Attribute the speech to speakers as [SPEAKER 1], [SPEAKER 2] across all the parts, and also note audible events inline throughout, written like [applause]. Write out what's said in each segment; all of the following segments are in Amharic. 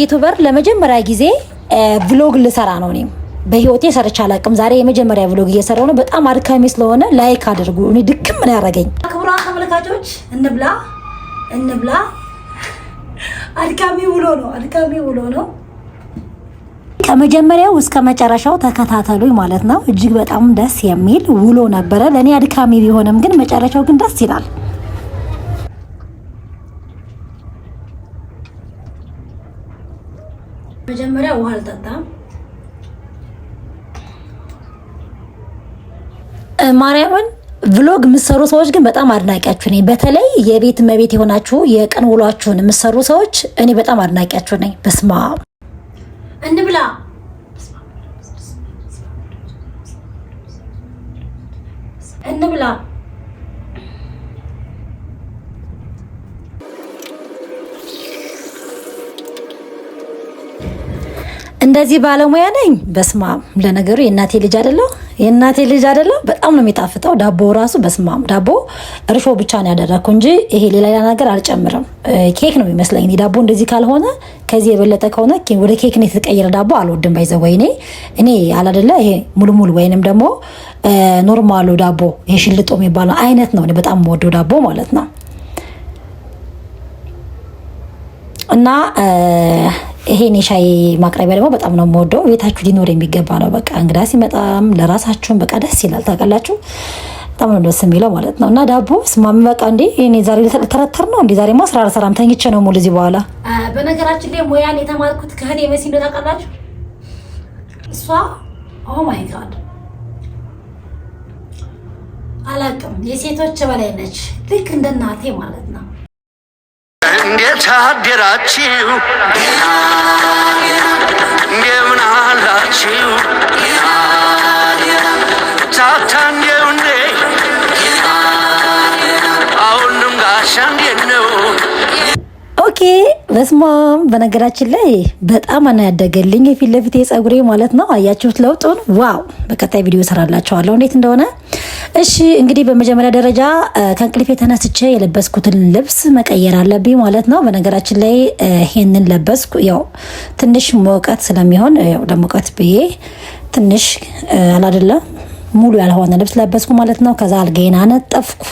[SPEAKER 1] ዩቱበር ለመጀመሪያ ጊዜ ቭሎግ ልሰራ ነው። እኔም በህይወቴ ሰርቼ አላውቅም። ዛሬ የመጀመሪያ ቭሎግ እየሰራሁ ነው። በጣም አድካሚ ስለሆነ ላይክ አድርጉ። እኔ ድክም ምን ያደረገኝ ክቡራን ተመልካቾች፣ እንብላ እንብላ። አድካሚ ውሎ ነው፣ አድካሚ ውሎ ነው። ከመጀመሪያው እስከ መጨረሻው ተከታተሉኝ ማለት ነው። እጅግ በጣም ደስ የሚል ውሎ ነበረ። ለእኔ አድካሚ ቢሆንም ግን መጨረሻው ግን ደስ ይላል። መጀመሪያ ውሃ አልጠጣም። ማርያምን ቭሎግ የምሰሩ ሰዎች ግን በጣም አድናቂያችሁ ነኝ። በተለይ የቤት መቤት የሆናችሁ የቀን ውሏችሁን የምሰሩ ሰዎች እኔ በጣም አድናቂያችሁ ነኝ። በስማ እንብላ እንብላ እንደዚህ ባለሙያ ነኝ። በስማም ለነገሩ የእናቴ ልጅ አደለው የእናቴ ልጅ አደለው። በጣም ነው የሚጣፍጠው ዳቦ ራሱ በስማም። ዳቦ እርሾ ብቻ ነው ያደረግኩ እንጂ ይሄ ሌላ ነገር አልጨምርም። ኬክ ነው የሚመስለኝ እኔ ዳቦ እንደዚህ ካልሆነ ከዚህ የበለጠ ከሆነ ወደ ኬክ ነው የተቀየረ ዳቦ አልወድም። ባይዘ ወይኔ እኔ አላደለ ይሄ ሙልሙል ወይንም ደግሞ ኖርማሉ ዳቦ ይሄ ሽልጦ የሚባለው አይነት ነው በጣም የምወደው ዳቦ ማለት ነው እና ይሄን የሻይ ማቅረቢያ ደግሞ በጣም ነው የምወደው። ቤታችሁ ሊኖር የሚገባ ነው። በቃ እንግዳ ሲመጣም ለራሳችሁም በቃ ደስ ይላል። ታውቃላችሁ፣ በጣም ነው ደስ የሚለው ማለት ነው። እና ዳቦ ስማም በቃ እንዴ እኔ ዛሬ ልተረተር ነው እንዴ? ዛሬ ስራ አልሰራም ተኝቼ ነው ሙሉ እዚህ። በኋላ በነገራችን ላይ ሙያን የተማርኩት ከእኔ መሲ እንደው ታውቃላችሁ፣ እሷ ኦ ማይ ጋድ አላውቅም፣ የሴቶች በላይ ነች። ልክ እንደ እናቴ ማለት ነው እንዴት አደራችሁ? እንደምን አላችሁ? ታታ እንደው እንዴ አሁንም ጋሻ እንዴ ኦኬ በስማም በነገራችን ላይ በጣም አና ያደገልኝ የፊት ለፊት የጸጉሬ ማለት ነው። አያችሁት ለውጡን? ዋው! በቀጣይ ቪዲዮ እሰራላችኋለሁ እንዴት እንደሆነ። እሺ እንግዲህ በመጀመሪያ ደረጃ ከእንቅልፌ ተነስቼ የለበስኩትን ልብስ መቀየር አለብኝ ማለት ነው። በነገራችን ላይ ይሄንን ለበስኩ። ያው ትንሽ ሙቀት ስለሚሆን ያው ለሙቀት ብዬ ትንሽ አላደለም ሙሉ ያልሆነ ልብስ ለበስኩ ማለት ነው። ከዛ አልጋዬን አነጠፍኩ።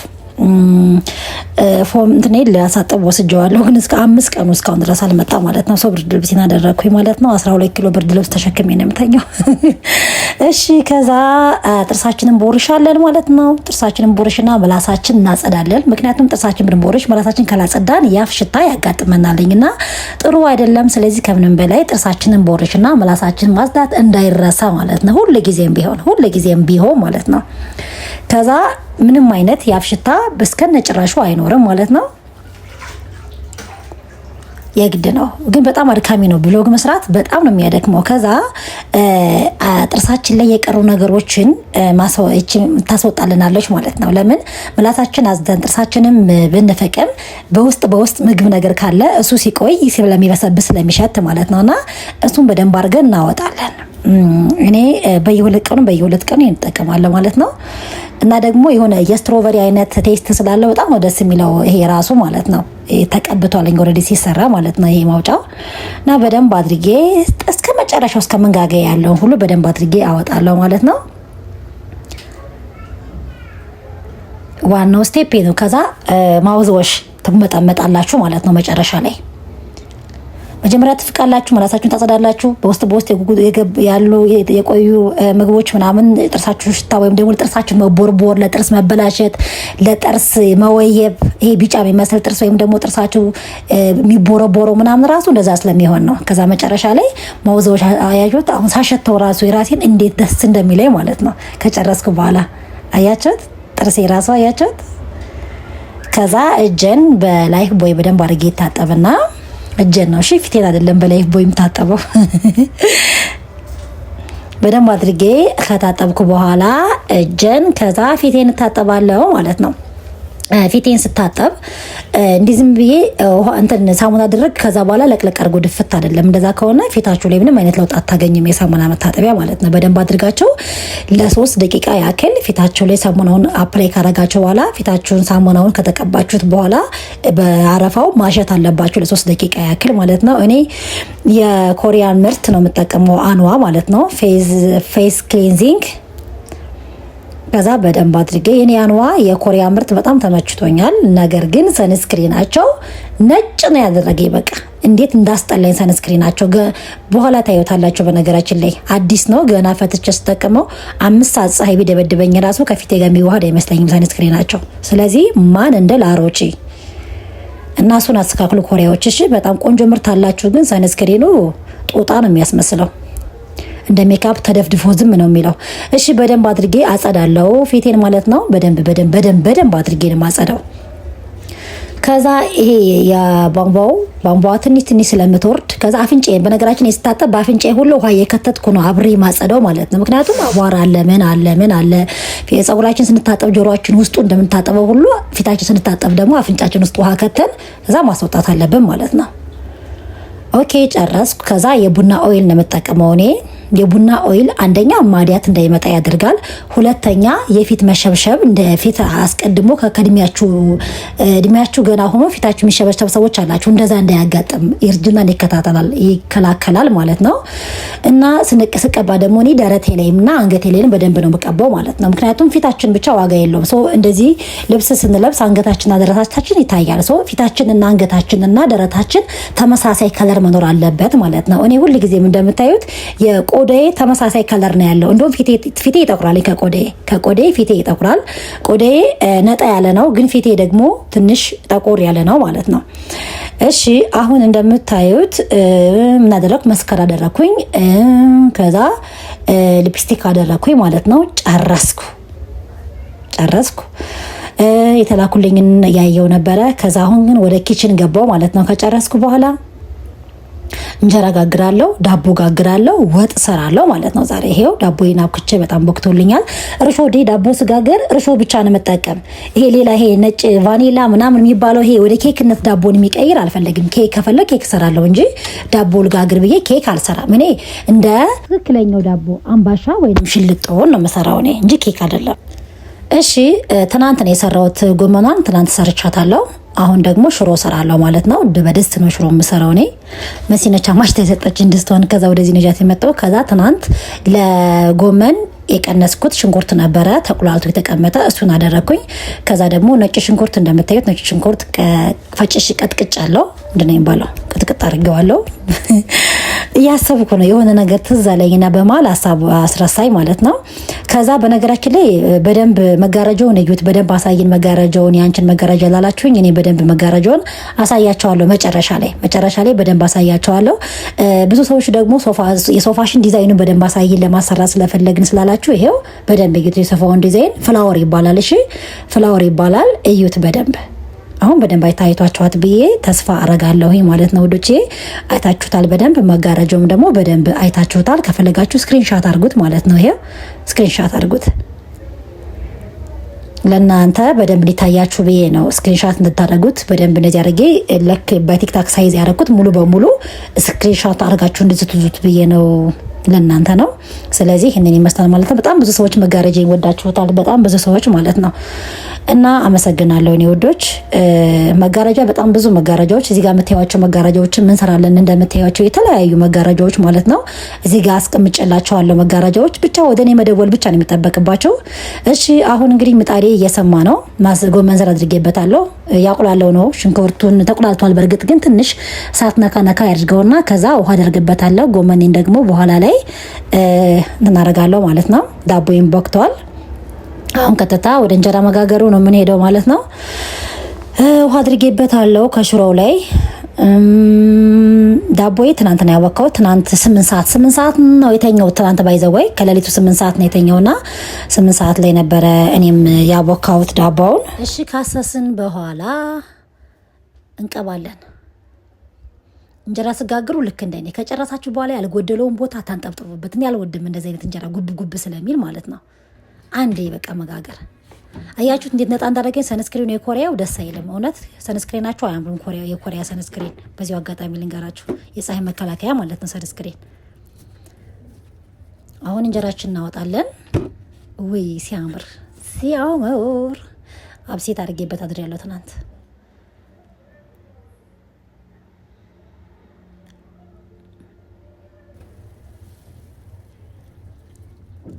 [SPEAKER 1] ፎም እንትን ሊያሳጥብ ወስጀዋለሁ፣ ግን እስከ አምስት ቀኑ እስካሁን ድረስ አልመጣ ማለት ነው። ሰው ብርድ ልብስ አደረግኩኝ ማለት ነው። አስራ ሁለት ኪሎ ብርድ ልብስ ተሸክሜ ነው የምተኛው። [laughs] እሺ፣ ከዛ ጥርሳችንን ቦርሻለን ማለት ነው። ጥርሳችንን ቦርሽና መላሳችን እናጸዳለን። ምክንያቱም ጥርሳችን ብንቦርሽ መላሳችን ካላጸዳን ያፍ ሽታ ያጋጥመናልኝ እና ጥሩ አይደለም። ስለዚህ ከምንም በላይ ጥርሳችንን ቦርሽና መላሳችን ማጽዳት እንዳይረሳ ማለት ነው። ሁሉ ጊዜም ቢሆን ሁሉ ጊዜም ቢሆን ማለት ነው ከዛ ምንም አይነት የአፍሽታ በስከነ ጭራሹ አይኖርም ማለት ነው። የግድ ነው፣ ግን በጣም አድካሚ ነው። ብሎግ መስራት በጣም ነው የሚያደክመው። ከዛ ጥርሳችን ላይ የቀሩ ነገሮችን ታስወጣልናለች ማለት ነው። ለምን ምላሳችን አዝደን ጥርሳችንም ብንፈቅም በውስጥ በውስጥ ምግብ ነገር ካለ እሱ ሲቆይ ስለሚበሰብስ ስለሚሸት ማለት ነው። እና እሱን በደንብ አድርገን እናወጣለን። እኔ በየሁለት ቀኑ በየሁለት ቀኑ እንጠቀማለሁ ማለት ነው። እና ደግሞ የሆነ የስትሮቨሪ አይነት ቴስት ስላለው በጣም ነው ደስ የሚለው ይሄ ራሱ ማለት ነው። ተቀብቷል ኦልሬዲ ሲሰራ ማለት ነው። ማለት ነው ይሄ ማውጫው እና በደንብ አድርጌ እስከ መጨረሻው እስከ መንጋጋ ያለውን ሁሉ በደንብ አድርጌ አወጣለሁ ማለት ነው። ዋናው ስቴፕ ነው። ከዛ ወሽ ትመጠመጣላችሁ ማለት ነው መጨረሻ ላይ መጀመሪያ ትፍቃላችሁ፣ መራሳችሁን ታጸዳላችሁ። በውስጥ በውስጥ ያሉ የቆዩ ምግቦች ምናምን ጥርሳችሁ ሽታ ወይም ደግሞ ጥርሳችሁ መቦርቦር፣ ለጥርስ መበላሸት፣ ለጥርስ መወየብ ይሄ ቢጫ የሚመስል ጥርስ ወይም ደግሞ ጥርሳችሁ የሚቦረቦረው ምናምን ራሱ እንደዛ ስለሚሆን ነው። ከዛ መጨረሻ ላይ መውዘዎች አያችሁት። አሁን ሳሸተው ራሱ የራሴን እንዴት ደስ እንደሚለኝ ማለት ነው። ከጨረስኩ በኋላ አያችሁት፣ ጥርሴ ራሱ አያችሁት። ከዛ እጄን በላይፍ ቦይ በደንብ አድርጌ ይታጠብና እጀን ነው እሺ፣ ፊቴን አይደለም በላይፍ ቦይ የምታጠበው። በደንብ አድርጌ ከታጠብኩ በኋላ እጀን ከዛ ፊቴን እታጠባለሁ ማለት ነው። ፊቴን ስታጠብ እንዲህ ዝም ብዬ እንትን ሳሙና ድረግ ከዛ በኋላ ለቅለቅ አድርጎ ድፍት አይደለም። እንደዛ ከሆነ ፊታችሁ ላይ ምንም አይነት ለውጥ አታገኝም። የሳሙና መታጠቢያ ማለት ነው። በደንብ አድርጋቸው ለሶስት ደቂቃ ያክል ፊታችሁ ላይ ሳሙናውን አፕላይ ካረጋቸው በኋላ ፊታችሁን ሳሙናውን ከተቀባችሁት በኋላ በአረፋው ማሸት አለባችሁ ለሶስት ደቂቃ ያክል ማለት ነው። እኔ የኮሪያን ምርት ነው የምጠቀመው፣ አንዋ ማለት ነው ፌስ ክሊንዚንግ ከዛ በደንብ አድርጌ የኒያንዋ የኮሪያ ምርት በጣም ተመችቶኛል። ነገር ግን ሰንስክሪናቸው ነጭ ነው ያደረገ በቃ እንዴት እንዳስጠላኝ ሰንስክሪናቸው። በኋላ ታዩታላቸው። በነገራችን ላይ አዲስ ነው ገና ፈትቼ ስጠቀመው አምስት ሰዓት ፀሐይ ቢደበድበኝ ራሱ ከፊቴ ጋር የሚዋሃድ አይመስለኝም ሰንስክሪናቸው። ስለዚህ ማን እንደ ላሮጪ እና እሱን አስተካክሉ ኮሪያዎች። እሺ በጣም ቆንጆ ምርት አላችሁ፣ ግን ሰንስክሪኑ ጦጣ ነው የሚያስመስለው። እንደ ሜካፕ ተደፍድፎ ዝም ነው የሚለው። እሺ በደንብ አድርጌ አጸዳለው ፊቴን ማለት ነው። በደንብ በደንብ በደንብ በደንብ አድርጌ ነው ማጸዳው። ከዛ ይሄ የቧንቧው ቧንቧ ትንሽ ትንሽ ስለምትወርድ ከዛ አፍንጬ በነገራችን የስታጠብ በአፍንጬ ሁሉ ውሃ የከተትኩ ነው አብሬ ማጸዳው ማለት ነው። ምክንያቱም አቧራ አለ ምን አለ ምን አለ ፀጉራችን ስንታጠብ ጆሮችን ውስጡ እንደምንታጠበው ሁሉ ፊታችን ስንታጠብ ደግሞ አፍንጫችን ውስጥ ውሃ ከተን እዛ ማስወጣት አለብን ማለት ነው። ኦኬ ጨረስኩ። ከዛ የቡና ኦይል ነው የምጠቀመው እኔ የቡና ኦይል አንደኛ ማዲያት እንዳይመጣ ያደርጋል። ሁለተኛ የፊት መሸብሸብ እንደ ፊት አስቀድሞ ከእድሜያችሁ እድሜያችሁ ገና ሆኖ ፊታችሁ የሚሸበሸብ ሰዎች አላችሁ። እንደዛ እንዳያጋጥም እርጅናን ይከታተላል ይከላከላል ማለት ነው። እና ስንቀባ ደግሞ እኔ ደረቴ ላይም እና አንገቴ ላይም በደንብ ነው የምቀባው ማለት ነው። ምክንያቱም ፊታችን ብቻ ዋጋ የለውም። እንደዚህ ልብስ ስንለብስ አንገታችንና ደረታችን ይታያል። ፊታችንና አንገታችንና ደረታችን ተመሳሳይ ከለር መኖር አለበት ማለት ነው። እኔ ሁልጊዜም እንደምታዩት የቆ ቆዳዬ ተመሳሳይ ከለር ነው ያለው። እንደውም ፊቴ ይጠቁራል። ከቆዳዬ ከቆዳዬ ፊቴ ይጠቁራል። ቆዳዬ ነጣ ያለ ነው፣ ግን ፊቴ ደግሞ ትንሽ ጠቆር ያለ ነው ማለት ነው። እሺ አሁን እንደምታዩት ምን አደረኩ? መስከር አደረኩኝ። ከዛ ሊፕስቲክ አደረኩኝ ማለት ነው። ጨረስኩ ጨረስኩ የተላኩልኝን እያየው ነበረ። ከዛ አሁን ግን ወደ ኪችን ገባው ማለት ነው ከጨረስኩ በኋላ እንጀራ ጋግራለሁ፣ ዳቦ ጋግራለሁ፣ ወጥ ሰራለሁ ማለት ነው። ዛሬ ይሄው ዳቦዬን አብክቼ በጣም ቦክቶልኛል። እርሾ ዴ ዳቦ ስጋገር እርሾ ብቻ ነው የምጠቀም። ይሄ ሌላ ይሄ ነጭ ቫኒላ ምናምን የሚባለው ይሄ ወደ ኬክነት ዳቦን የሚቀይር አልፈለግም። ኬክ ከፈለ ኬክ ሰራለሁ እንጂ ዳቦ ልጋግር ብዬ ኬክ አልሰራም። እኔ እንደ ትክክለኛው ዳቦ አምባሻ ወይም ሽልጦን ነው የምሰራው እኔ እንጂ ኬክ አይደለም። እሺ ትናንት ነው የሰራሁት ጎመኗን። ትናንት ሰርቻታለሁ። አሁን ደግሞ ሽሮ ሰራለሁ ማለት ነው። በድስት ነው ሽሮ የምሰራው እኔ። መሲነች አማሽታ የሰጠችን ድስቷን ከዛ ወደዚህ ነጃት የመጣው ከዛ ትናንት ለጎመን የቀነስኩት ሽንኩርት ነበረ ተቁላልቶ የተቀመጠ እሱን አደረግኩኝ። ከዛ ደግሞ ነጭ ሽንኩርት እንደምታዩት ነጭ ሽንኩርት ፈጭሽ ቀጥቅጫለሁ። ምንድን ነው የሚባለው? ቅጥቅጥ አድርጌዋለሁ እያሰብኩ ነው የሆነ ነገር ትዝ አለኝና በመሀል ሀሳብ አስረሳኝ ማለት ነው። ከዛ በነገራችን ላይ በደንብ መጋረጃውን እዩት፣ በደንብ አሳይን መጋረጃውን፣ ያንችን መጋረጃ ላላችሁኝ እኔ በደንብ መጋረጃውን አሳያቸዋለሁ። መጨረሻ ላይ መጨረሻ ላይ በደንብ አሳያቸዋለሁ። ብዙ ሰዎች ደግሞ የሶፋሽን ዲዛይኑን በደንብ አሳይን ለማሰራት ስለፈለግን ስላላችሁ ይሄው በደንብ እዩት። የሶፋውን ዲዛይን ፍላወር ይባላል። እሺ ፍላወር ይባላል። እዩት በደንብ አሁን በደንብ አይታይቷቸዋት ብዬ ተስፋ ይ ማለት ነው ውዶቼ። አይታችሁታል በደንብ መጋረጃውም ደግሞ በደንብ አይታችሁታል። ከፈለጋችሁ ስክሪንሻት አድርጉት ማለት ነው። ይሄ ስክሪንሻት አድርጉት ለእናንተ በደንብ እንዲታያችሁ ብዬ ነው ስክሪንሻት እንድታደረጉት በደንብ እንደዚህ አድርጌ ልክ በቲክታክ ሳይዝ ያደረግኩት ሙሉ በሙሉ ስክሪንሻት አድርጋችሁ እንድትዙት ብዬ ነው። ለእናንተ ነው። ስለዚህ ይህንን ይመስላል ማለት ነው። በጣም ብዙ ሰዎች መጋረጃ ይወዳችሁታል። በጣም ብዙ ሰዎች ማለት ነው እና አመሰግናለሁ እኔ ውዶች። መጋረጃ በጣም ብዙ መጋረጃዎች እዚህ ጋር የምታዩዋቸው መጋረጃዎችን ምንሰራለን ሰራለን የተለያዩ መጋረጃዎች ማለት ነው እዚህ ጋር አስቀምጬላቸዋለሁ። መጋረጃዎች ብቻ ወደ እኔ መደወል ብቻ ነው የሚጠበቅባቸው። እሺ አሁን እንግዲህ ምጣዴ እየሰማ ነው። መንዘር አድርጌበታለሁ። ያቁላለው ነው ሽንኩርቱን ተቁላልቷል። በእርግጥ ግን ትንሽ ሳት ነካ ነካ ያድርገውና ከዛ ውሃ አደርግበታለሁ። ጎመኔን ደግሞ በኋላ ላይ እናረጋለሁ ማለት ነው። ዳቦዬም ቦክተዋል። አሁን ቀጥታ ወደ እንጀራ መጋገሩ ነው የምንሄደው ማለት ነው። ውሃ አድርጌበት አለው ከሽሮው ላይ ዳቦዬ ትናንት ነው ያወካው። ትናንት ስምንት ሰዓት ስምንት ሰዓት ነው የተኛው። ትናንት ባይዘወይ ከሌሊቱ ስምንት ሰዓት ነው የተኛውና ስምንት ሰዓት ላይ ነበረ እኔም ያወካሁት ዳቦውን። እሺ ካሰስን በኋላ እንቀባለን። እንጀራ ስጋግሩ ልክ እንደኔ ከጨረሳችሁ በኋላ ያልጎደለውን ቦታ ታንጠብጥቡበት። እኔ አልወድም እንደዚህ አይነት እንጀራ ጉብ ጉብ ስለሚል ማለት ነው። አንዴ በቃ መጋገር አያችሁት እንዴት ነጣ እንዳደረገኝ። ሰንስክሪኑ የኮሪያው ደስ አይልም እውነት። ሰንስክሪናቸው አያምሩም የኮሪያ ሰንስክሪን። በዚሁ አጋጣሚ ልንገራችሁ የፀሐይ መከላከያ ማለት ነው ሰንስክሪን። አሁን እንጀራችን እናወጣለን። ውይ ሲያምር ሲያምር አብሴት አድርጌበት አድር ያለው ትናንት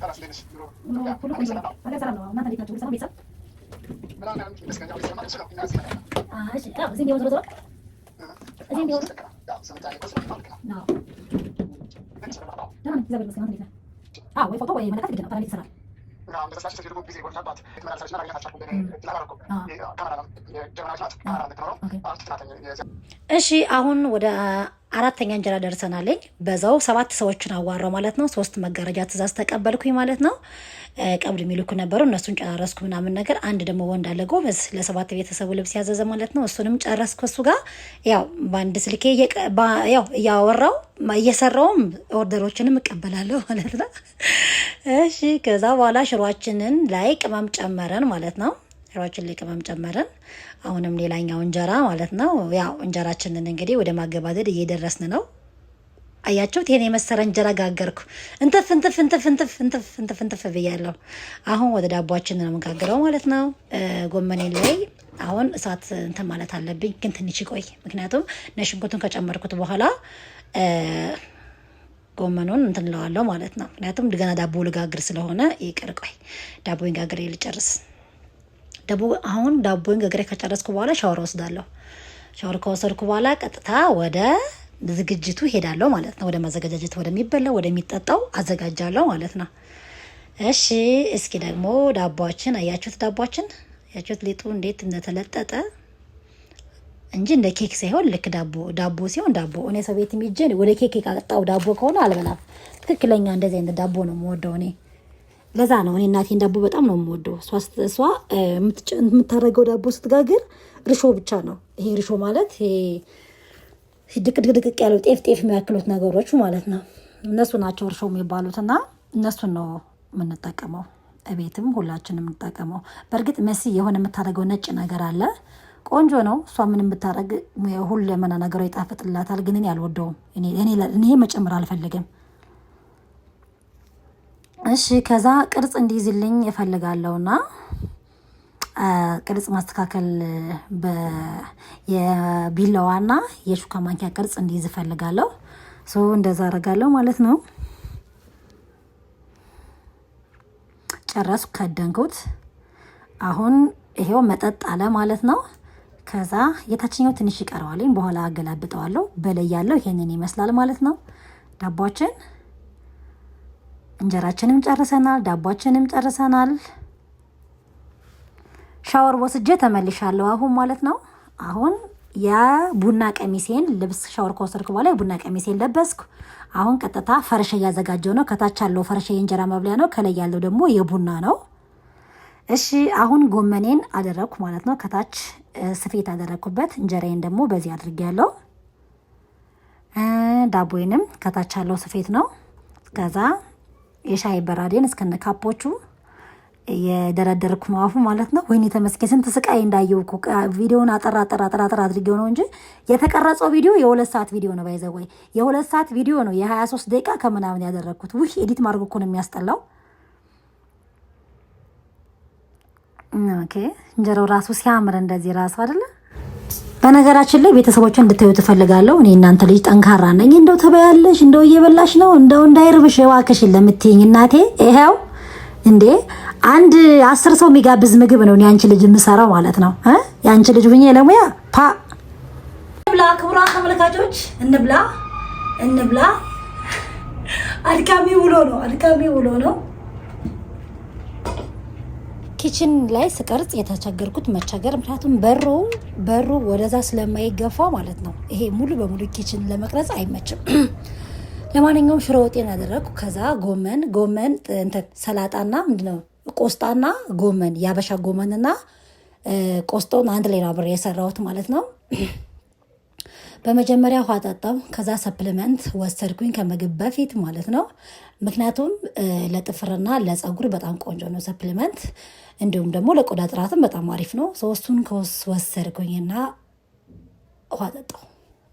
[SPEAKER 1] ወይ ፎቶ እሺ አሁን ወደ አራተኛ እንጀራ ደርሰናለኝ። በዛው ሰባት ሰዎችን አዋራው ማለት ነው። ሶስት መጋረጃ ትእዛዝ ተቀበልኩኝ ማለት ነው። ቀብድ የሚልኩ ነበሩ፣ እነሱን ጨረስኩ ምናምን ነገር። አንድ ደግሞ ወንድ አለ ጎበዝ፣ ለሰባት ቤተሰቡ ልብስ ያዘዘ ማለት ነው። እሱንም ጨረስኩ። እሱ ጋር ያው በአንድ ስልኬ ያው እያወራው እየሰራውም ኦርደሮችንም እቀበላለሁ ማለት ነው። እሺ ከዛ በኋላ ሽሯችንን ላይ ቅመም ጨመረን ማለት ነው። ሮችን ሊቅመም ጨመርን። አሁንም ሌላኛው እንጀራ ማለት ነው። ያው እንጀራችንን እንግዲህ ወደ ማገባደድ እየደረስን ነው። አያችሁት? ይሄን የመሰለ እንጀራ ጋገርኩ። እንትፍ እንትፍ እንትፍ እንትፍ እንትፍ እንትፍ እንትፍ ብያለሁ። አሁን ወደ ዳቧችን ነው የምንጋግረው ማለት ነው። ጎመኔ ላይ አሁን እሳት እንትን ማለት አለብኝ፣ ግን ትንሽ ይቆይ። ምክንያቱም ነጭ ከጨመርኩት በኋላ ጎመኑን እንትንለዋለሁ ማለት ነው። ምክንያቱም ገና ዳቦ ልጋግር ስለሆነ ይቅር ቆይ፣ ዳቦ ጋግሬ ልጨርስ። አሁን ዳቦን ገግሬ ከጨረስኩ በኋላ ሻወር ወስዳለሁ። ሻወር ከወሰድኩ በኋላ ቀጥታ ወደ ዝግጅቱ ሄዳለሁ ማለት ነው። ወደ ማዘገጃጀት ወደሚበላው ወደሚጠጣው አዘጋጃለሁ ማለት ነው። እሺ እስኪ ደግሞ ዳቧችን አያችሁት፣ ዳቧችን ያችሁት ሊጡ እንዴት እንደተለጠጠ እንጂ እንደ ኬክ ሳይሆን ልክ ዳቦ ዳቦ ሲሆን ዳቦ እኔ ሰው ቤት የሚጀን ወደ ኬክ የቃጣው ዳቦ ከሆነ አልበላም። ትክክለኛ እንደዚህ አይነት ዳቦ ነው የምወደው እኔ። ለዛ ነው እኔ እናቴን ዳቦ በጣም ነው የምወደው። እሷ የምታደርገው ዳቦ ስትጋግር ርሾ ብቻ ነው። ይሄ ርሾ ማለት ድቅድቅድቅቅ ያለው ጤፍ ጤፍ የሚያክሉት ነገሮች ማለት ነው። እነሱ ናቸው እርሾ የሚባሉት እና እነሱን ነው የምንጠቀመው እቤትም ሁላችን የምንጠቀመው። በእርግጥ መሲ የሆነ የምታደርገው ነጭ ነገር አለ፣ ቆንጆ ነው። እሷ ምን የምታደርግ የመና ነገሯ ይጣፍጥላታል፣ ግን እኔ አልወደውም። እኔ መጨመር አልፈልግም። እሺ ከዛ ቅርጽ እንዲይዝልኝ እፈልጋለሁና ቅርጽ ማስተካከል የቢላዋና የሹካ ማንኪያ ቅርጽ እንዲይዝ እፈልጋለሁ። ሶ እንደዛ አደርጋለሁ ማለት ነው። ጨረስኩ፣ ከደንኩት። አሁን ይሄው መጠጥ አለ ማለት ነው። ከዛ የታችኛው ትንሽ ይቀረዋልኝ፣ በኋላ አገላብጠዋለሁ። በላይ ያለው ይሄንን ይመስላል ማለት ነው ዳቧችን እንጀራችንም ጨርሰናል፣ ዳቧችንም ጨርሰናል። ሻወር ወስጄ ተመልሻለሁ አሁን ማለት ነው። አሁን የቡና ቀሚሴን ልብስ ሻወር ከወሰድኩ በኋላ የቡና ቀሚሴን ለበስኩ። አሁን ቀጥታ ፈርሼ እያዘጋጀው ነው። ከታች ያለው ፈርሼ የእንጀራ መብሊያ ነው፣ ከላይ ያለው ደግሞ የቡና ነው። እሺ አሁን ጎመኔን አደረግኩ ማለት ነው። ከታች ስፌት አደረግኩበት። እንጀራዬን ደግሞ በዚህ አድርጌ ያለው ዳቦዬንም ከታች ያለው ስፌት ነው። ከዛ የሻይ በራዴን እስከነ ካፖቹ የደረደርኩ ነው አፉ ማለት ነው። ወይኔ ተመስገን ስንት ስቃይ እንዳየው እኮ ቪዲዮን አጠራ አጠራ አጠራ አጠራ አድርጌው ነው እንጂ የተቀረጸው ቪዲዮ የሁለት ሰዓት ቪዲዮ ነው። ባይዘ ወይ የሁለት ሰዓት ቪዲዮ ነው የ ሶስት ደቂቃ ከምናምን ያደረግኩት። ውህ ኤዲት ማድረግ እኮ ነው የሚያስጠላው። ኦኬ እንጀራው ራሱ ሲያምር እንደዚህ ራሱ አይደለም በነገራችን ላይ ቤተሰቦቿ እንድታዩ ትፈልጋለሁ። እኔ እናንተ ልጅ ጠንካራ ነኝ፣ እንደው ትበያለሽ፣ እንደው እየበላሽ ነው፣ እንደው እንዳይርብሽ እባክሽን ለምትይኝ እናቴ ይኸው እንዴ አንድ አስር ሰው የሚጋብዝ ምግብ ነው የአንቺ ልጅ የምሰራው ማለት ነው። የአንቺ ልጅ ሁኜ ለሙያ ፓ ብላ ክቡራን ተመልካቾች እንብላ እንብላ። አድካሚ ውሎ ነው፣ አድካሚ ውሎ ነው። ኪችን ላይ ስቀርጽ የተቸገርኩት መቸገር ምክንያቱም በሩ በሩ ወደዛ ስለማይገፋ ማለት ነው። ይሄ ሙሉ በሙሉ ኪችን ለመቅረጽ አይመችም። [clears throat] ለማንኛውም ሽሮ ወጤን ያደረግኩ ከዛ ጎመን ጎመን ሰላጣና ምንድነው ቆስጣና ጎመን የአበሻ ጎመንና ቆስጦን አንድ ላይ ነው አብሬ የሰራሁት ማለት ነው። [clears throat] በመጀመሪያ ውሃ ጠጣሁ። ከዛ ሰፕሊመንት ወሰድኩኝ ከምግብ በፊት ማለት ነው። ምክንያቱም ለጥፍርና ለፀጉር በጣም ቆንጆ ነው ሰፕሊመንት እንዲሁም ደግሞ ለቆዳ ጥራትም በጣም አሪፍ ነው። ሶስቱን ከውስ ወሰድኩኝና ውሃ ጠጣሁ።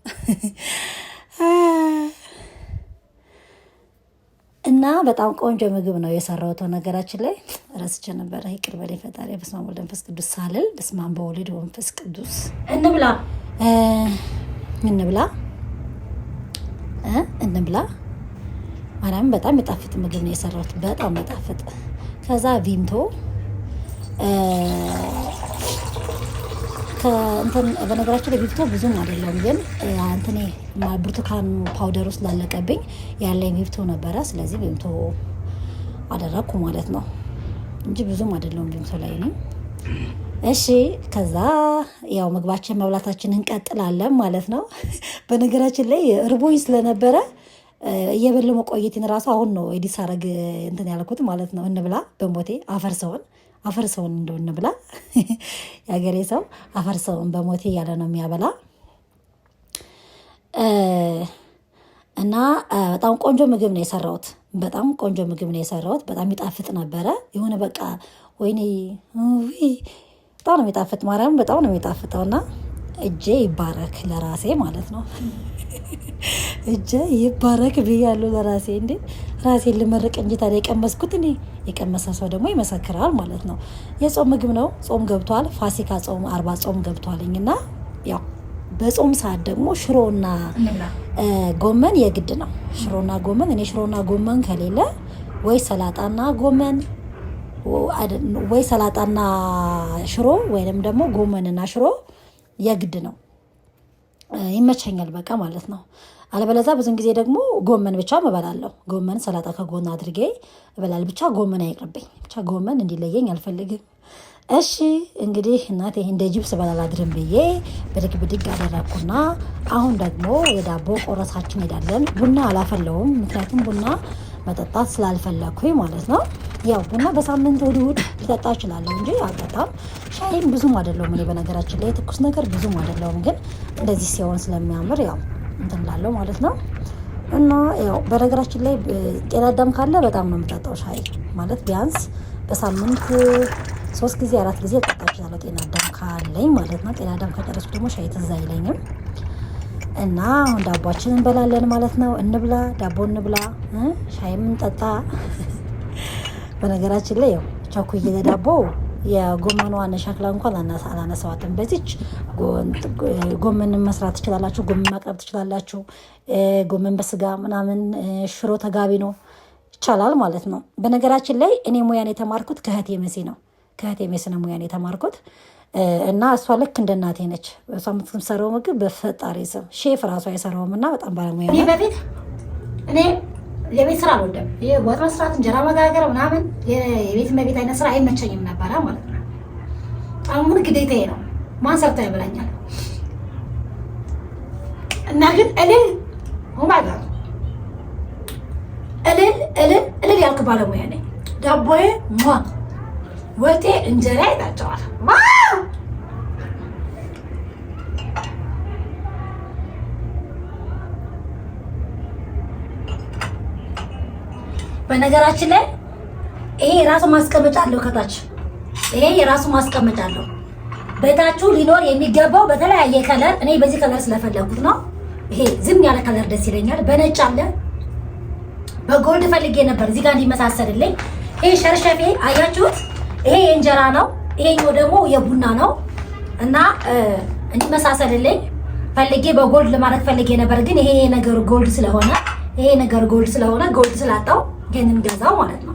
[SPEAKER 1] [laughs] እና በጣም ቆንጆ ምግብ ነው የሰራሁት። ነገራችን ላይ ረስቼ ነበረ። ይቅር በለኝ ፈጣሪ። በስመ አብ ወወልድ ወመንፈስ ቅዱስ ሳልል በስመ አብ በወልድ ወመንፈስ ቅዱስ። እንብላ እንብላ እንብላ። ማርያምን በጣም የጣፍጥ ምግብ ነው የሰራሁት። በጣም የጣፍጥ ከዛ ቪምቶ በነገራችን ላይ ቢፍቶ ብዙም አይደለም ግን እንትኔ ብርቱካን ፓውደር ውስጥ ላለቀብኝ ያለ ቢብቶ ነበረ። ስለዚህ ቢብቶ አደረግኩ ማለት ነው እንጂ ብዙም አይደለም ቢብቶ ላይ ነው። እሺ ከዛ ያው ምግባችን መብላታችን እንቀጥላለን ማለት ነው። [laughs] በነገራችን ላይ እርቦኝ ስለነበረ እየበለው መቆየቴን ራሱ አሁን ነው ኤዲት ሳረግ እንትን ያልኩት ማለት ነው። እንብላ በሞቴ አፈር ሰውን አፈርሰውን እንደሆነ ብላ [laughs] የሀገሬ ሰው አፈርሰውን በሞቴ እያለ ነው የሚያበላ እና በጣም ቆንጆ ምግብ ነው የሰራሁት። በጣም ቆንጆ ምግብ ነው የሰራሁት። በጣም ይጣፍጥ ነበረ። የሆነ በቃ ወይኔ በጣም ነው የሚጣፍጥ ማርያም፣ በጣም ነው የሚጣፍጠውና እጄ ይባረክ ለራሴ ማለት ነው። እጀ ይባረክ ብያለሁ ለራሴ። እንዴ ራሴን ልመርቅ እንጂ ታዲያ የቀመስኩት እኔ። የቀመሰ ሰው ደግሞ ይመሰክራል ማለት ነው። የጾም ምግብ ነው። ጾም ገብቷል። ፋሲካ ጾም፣ አርባ ጾም ገብቷልኝ እና ያው በጾም ሰዓት ደግሞ ሽሮና ጎመን የግድ ነው። ሽሮና ጎመን እኔ ሽሮና ጎመን ከሌለ ወይ ሰላጣና ጎመን ወይ ሰላጣና ሽሮ ወይንም ደግሞ ጎመንና ሽሮ የግድ ነው። ይመቸኛል በቃ ማለት ነው። አለበለዛ ብዙን ጊዜ ደግሞ ጎመን ብቻ እበላለሁ። ጎመን ሰላጣ ከጎን አድርጌ እበላለሁ። ብቻ ጎመን አይቅርብኝ፣ ብቻ ጎመን እንዲለየኝ አልፈልግም። እሺ እንግዲህ እናቴ እንደ ጅብስ በላላ ድርም ብዬ ብድግ ብድግ አደረኩና አሁን ደግሞ የዳቦ ቆረሳችን ሄዳለን። ቡና አላፈለውም፣ ምክንያቱም ቡና መጠጣት ስላልፈለግኩኝ ማለት ነው። ያው ቡና በሳምንት ወደ እሑድ ሊጠጣ እችላለሁ እንጂ አልጠጣም። ሻይም ብዙም አይደለሁም እኔ በነገራችን ላይ ትኩስ ነገር ብዙም አይደለሁም፣ ግን እንደዚህ ሲሆን ስለሚያምር ያው እንትን እላለሁ ማለት ነው። እና ያው በነገራችን ላይ ጤና አዳም ካለ በጣም ነው የምጠጣው ሻይ ማለት ቢያንስ በሳምንት ሶስት ጊዜ አራት ጊዜ ልጠጣ እችላለሁ ጤና አዳም ካለኝ ማለት ነው። ጤና አዳም ከጨረስኩ ደግሞ ሻይ ትዝ አይለኝም። እና አሁን ዳቧችን እንበላለን ማለት ነው። እንብላ ዳቦ እንብላ፣ ሻይም እንጠጣ። በነገራችን ላይ ያው ቸኩዬ ለዳቦ የጎመኗን ሸክላ እንኳን አላነሳዋትም። በዚች ጎመንን መስራት ትችላላችሁ፣ ጎመን ማቅረብ ትችላላችሁ። ጎመን በስጋ ምናምን ሽሮ ተጋቢ ነው፣ ይቻላል ማለት ነው። በነገራችን ላይ እኔ ሙያን የተማርኩት ከእህቴ መሲ ነው። ከእህቴ መሲ ነው ሙያን የተማርኩት እና እሷ ልክ እንደ እናቴ ነች። እሷ የምትሰራው ምግብ በፈጣሪ ስም ሼፍ ራሷ አይሰራውም እና በጣም ባለሙያ ነው። የቤት ስራ አልወደም። ወጥ መስራት፣ እንጀራ መጋገር ምናምን የቤት መቤት አይነት ስራ አይመቸኝም ነበረ ማለት ነው። አሁን ግዴታዬ ነው። ማን ሰርታ ያበላኛል? እና ግን እልል ሆማጋ እልል እልል እልል ያልክ ባለሙያ ነኝ። ዳቦዬ ሟ ወጤ እንጀራ ይጣጫዋል። በነገራችን ላይ ይሄ የራሱ ማስቀመጫ አለው። ከታች ይሄ የራሱ ማስቀመጫ አለው። ቤታችሁ ሊኖር የሚገባው በተለያየ ከለር፣ እኔ በዚህ ከለር ስለፈለኩት ነው። ይሄ ዝም ያለ ከለር ደስ ይለኛል። በነጭ አለ፣ በጎልድ ፈልጌ ነበር እዚህ ጋር እንዲመሳሰልልኝ። ይሄ ሸርሸፌ አያችሁት? ይሄ የእንጀራ ነው፣ ይሄኛው ደግሞ የቡና ነው እና እንዲመሳሰልልኝ ፈልጌ በጎልድ ለማድረግ ፈልጌ ነበር፣ ግን ይሄ ነገር ጎልድ ስለሆነ ይሄ ነገር ጎልድ ስለሆነ ጎልድ ስላጣው ይህንን ገዛው ማለት ነው።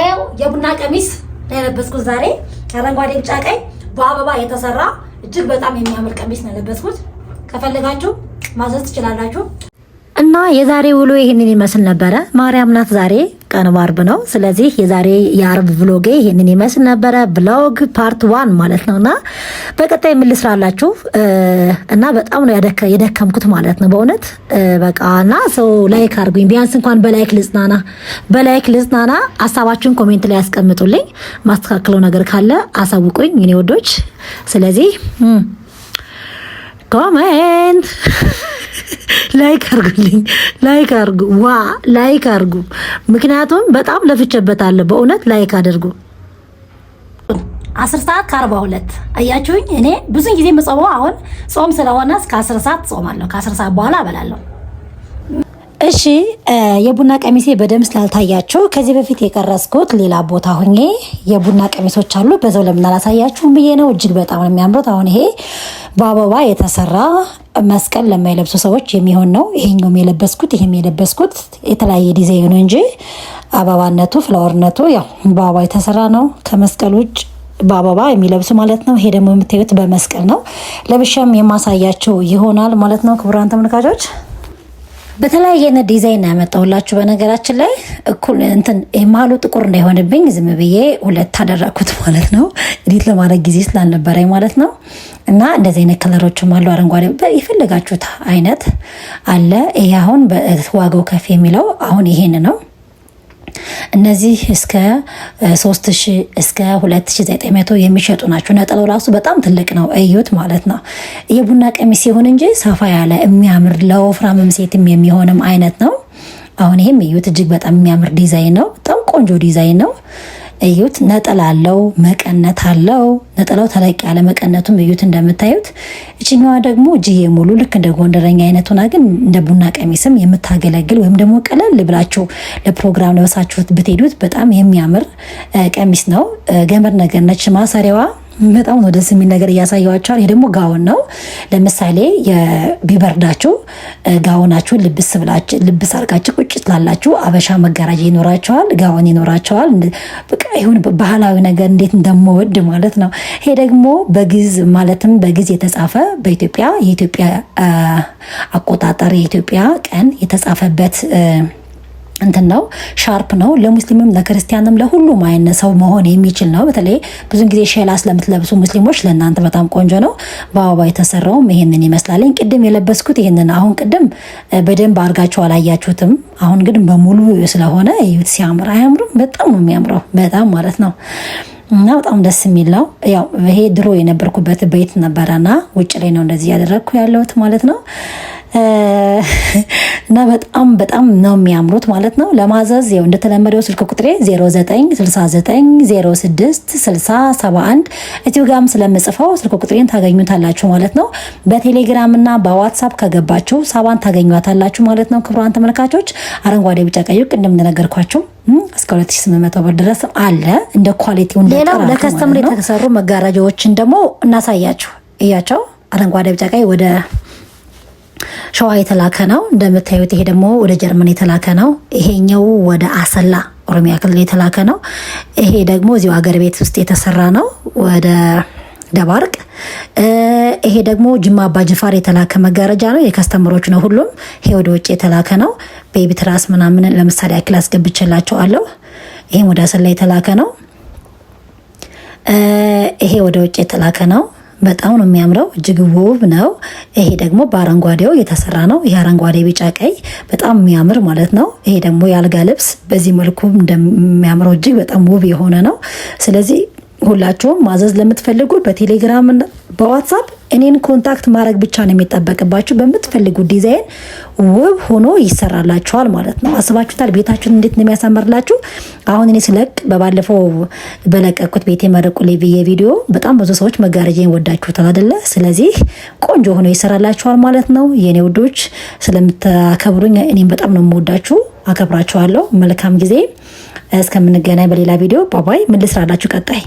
[SPEAKER 1] ይኸው የቡና ቀሚስ የለበስኩት ዛሬ አረንጓዴ፣ ቢጫ፣ ቀይ በአበባ የተሰራ እጅግ በጣም የሚያምር ቀሚስ ነው የለበስኩት። ከፈለጋችሁ ማዘዝ ትችላላችሁ። እና የዛሬ ውሎ ይህንን ይመስል ነበረ። ማርያም ናት ዛሬ ቀን አርብ ነው። ስለዚህ የዛሬ የአርብ ብሎጌ ይህንን ይመስል ነበረ። ብሎግ ፓርት ዋን ማለት ነው እና በቀጣይ ምን ልስራላችሁ እና በጣም ነው የደከምኩት ማለት ነው በእውነት በቃ እና ሰው ላይክ አድርጉኝ ቢያንስ እንኳን በላይክ ልጽናና በላይክ ልጽናና። ሀሳባችሁን ኮሜንት ላይ ያስቀምጡልኝ። ማስተካከለው ነገር ካለ አሳውቁኝ የኔ ወዶች። ስለዚህ ኮሜንት ላይክ አርጉልኝ፣ ላይክ አርጉ፣ ዋ ላይክ አርጉ። ምክንያቱም በጣም ለፍቼበታለሁ። በእውነት ላይክ አድርጉ። አስር ሰዓት ከአርባ ሁለት አያችሁኝ። እኔ ብዙ ጊዜ የምጾመው አሁን ጾም ስለሆነ እስከ አስር ሰዓት ጾማለሁ። ከአስር ሰዓት በኋላ እበላለሁ። እሺ የቡና ቀሚሴ በደንብ ስላልታያችሁ ከዚህ በፊት የቀረስኩት ሌላ ቦታ ሆኜ የቡና ቀሚሶች አሉ። በዛው ለምን አላሳያችሁም ብዬ ነው። እጅግ በጣም ነው የሚያምሩት። አሁን ይሄ በአበባ የተሰራ መስቀል ለማይለብሱ ሰዎች የሚሆን ነው። ይሄኛውም የለበስኩት ይሄም የለበስኩት የተለያየ ዲዛይኑ ነው እንጂ አበባነቱ ፍላወርነቱ ያው በአበባ የተሰራ ነው። ከመስቀል ውጭ በአበባ የሚለብሱ ማለት ነው። ይሄ ደግሞ የምታዩት በመስቀል ነው። ለብሻም የማሳያቸው ይሆናል ማለት ነው። ክቡራን ተመልካቾች በተለያየ ዲዛይን ያመጣሁላችሁ። በነገራችን ላይ እኩል እንትን ጥቁር እንዳይሆንብኝ ዝም ብዬ ሁለት አደረኩት ማለት ነው። ኤዲት ለማድረግ ጊዜ ስላልነበረኝ ማለት ነው። እና እንደዚህ አይነት ከለሮችም አሉ። አረንጓዴ የፈለጋችሁት አይነት አለ። ይሄ አሁን ዋጋው ከፍ የሚለው አሁን ይሄን ነው። እነዚህ እስከ 3000 እስከ 2900 የሚሸጡ ናቸው። ነጠላው ራሱ በጣም ትልቅ ነው፣ እዩት ማለት ነው። የቡና ቀሚስ ሲሆን እንጂ ሰፋ ያለ የሚያምር ለወፍራምም ሴትም የሚሆንም አይነት ነው። አሁን ይህም እዩት፣ እጅግ በጣም የሚያምር ዲዛይን ነው። በጣም ቆንጆ ዲዛይን ነው። እዩት። ነጠላ አለው፣ መቀነት አለው። ነጠላው ተለቅ ያለ መቀነቱም እዩት እንደምታዩት። እችኛዋ ደግሞ እጅዬ ሙሉ ልክ እንደ ጎንደረኛ አይነት ሆና ግን እንደ ቡና ቀሚስም የምታገለግል ወይም ደግሞ ቀለል ብላችሁ ለፕሮግራም ለበሳችሁት ብትሄዱት በጣም የሚያምር ቀሚስ ነው። ገመድ ነገር ነች ማሰሪያዋ በጣም ነው ደስ የሚል ነገር እያሳየዋቸዋል። ይሄ ደግሞ ጋውን ነው። ለምሳሌ ቢበርዳችሁ ጋውናችሁን ልብስ ልብስ አርጋችሁ ቁጭ ትላላችሁ። አበሻ መጋራጅ ይኖራቸዋል፣ ጋውን ይኖራቸዋል። በቃ ይሁን ባህላዊ ነገር እንዴት እንደምወድ ማለት ነው። ይሄ ደግሞ በግዝ ማለትም በግዝ የተጻፈ በኢትዮጵያ የኢትዮጵያ አቆጣጠር የኢትዮጵያ ቀን የተጻፈበት እንትን ነው ሻርፕ ነው። ለሙስሊምም ለክርስቲያንም ለሁሉም አይነት ሰው መሆን የሚችል ነው። በተለይ ብዙን ጊዜ ሸላ ስለምትለብሱ ሙስሊሞች ለእናንተ በጣም ቆንጆ ነው። በአበባ የተሰራውም ይሄንን ይመስላለኝ። ቅድም የለበስኩት ይሄንን አሁን ቅድም በደንብ አድርጋችሁ አላያችሁትም። አሁን ግን በሙሉ ስለሆነ እዩት። ሲያምር አያምርም? በጣም ነው የሚያምረው፣ በጣም ማለት ነው። እና በጣም ደስ የሚል ነው። ያው ይሄ ድሮ የነበርኩበት ቤት ነበረና ውጭ ላይ ነው እንደዚህ ያደረግኩ ያለሁት ማለት ነው። [laughs] እና በጣም በጣም ነው የሚያምሩት ማለት ነው። ለማዘዝ ያው እንደተለመደው ስልክ ቁጥሬ 0969066071 እዚሁ ጋም ስለምጽፈው ስልክ ቁጥሬን ታገኙታላችሁ ማለት ነው። በቴሌግራም እና በዋትሳፕ ከገባችሁ ሳባን ታገኙታላችሁ ማለት ነው። ክቡራን ተመልካቾች አረንጓዴ፣ ቢጫ፣ ቀይ ቅድም እንደነገርኳችሁ እስከ 2800 ብር ድረስ አለ እንደ ኳሊቲው። ሌላው ለከስተምር የተሰሩ መጋረጃዎችን ደግሞ እናሳያችሁ። እያቸው አረንጓዴ፣ ቢጫ፣ ቀይ ወደ ሸዋ የተላከ ነው እንደምታዩት። ይሄ ደግሞ ወደ ጀርመን የተላከ ነው። ይሄኛው ወደ አሰላ ኦሮሚያ ክልል የተላከ ነው። ይሄ ደግሞ እዚሁ ሀገር ቤት ውስጥ የተሰራ ነው ወደ ደባርቅ። ይሄ ደግሞ ጅማ አባ ጅፋር የተላከ መጋረጃ ነው። የከስተምሮች ነው ሁሉም። ይሄ ወደ ውጭ የተላከ ነው። ቤቢ ትራስ ምናምን ለምሳሌ ያክል አስገብቼላቸዋለሁ። ይሄም ወደ አሰላ የተላከ ነው። ይሄ ወደ ውጭ የተላከ ነው። በጣም ነው የሚያምረው። እጅግ ውብ ነው። ይሄ ደግሞ በአረንጓዴው የተሰራ ነው። ይሄ አረንጓዴ፣ ቢጫ፣ ቀይ በጣም የሚያምር ማለት ነው። ይሄ ደግሞ የአልጋ ልብስ በዚህ መልኩ እንደሚያምረው እጅግ በጣም ውብ የሆነ ነው። ስለዚህ ሁላችሁም ማዘዝ ለምትፈልጉ በቴሌግራም በዋትሳፕ እኔን ኮንታክት ማድረግ ብቻ ነው የሚጠበቅባችሁ። በምትፈልጉ ዲዛይን ውብ ሆኖ ይሰራላችኋል ማለት ነው። አስባችሁታል ቤታችሁን እንዴት የሚያሳምርላችሁ? አሁን እኔ ስለቅ በባለፈው በለቀኩት ቤት መረቁ ብዬ ቪዲዮ በጣም ብዙ ሰዎች መጋረጃን ወዳችሁታል አደለ? ስለዚህ ቆንጆ ሆኖ ይሰራላችኋል ማለት ነው። የእኔ ውዶች ስለምታከብሩኝ እኔም በጣም ነው የምወዳችሁ፣ አከብራችኋለሁ። መልካም ጊዜ። እስከምንገናኝ በሌላ ቪዲዮ ባባይ። ምን ልስራላችሁ ቀጣይ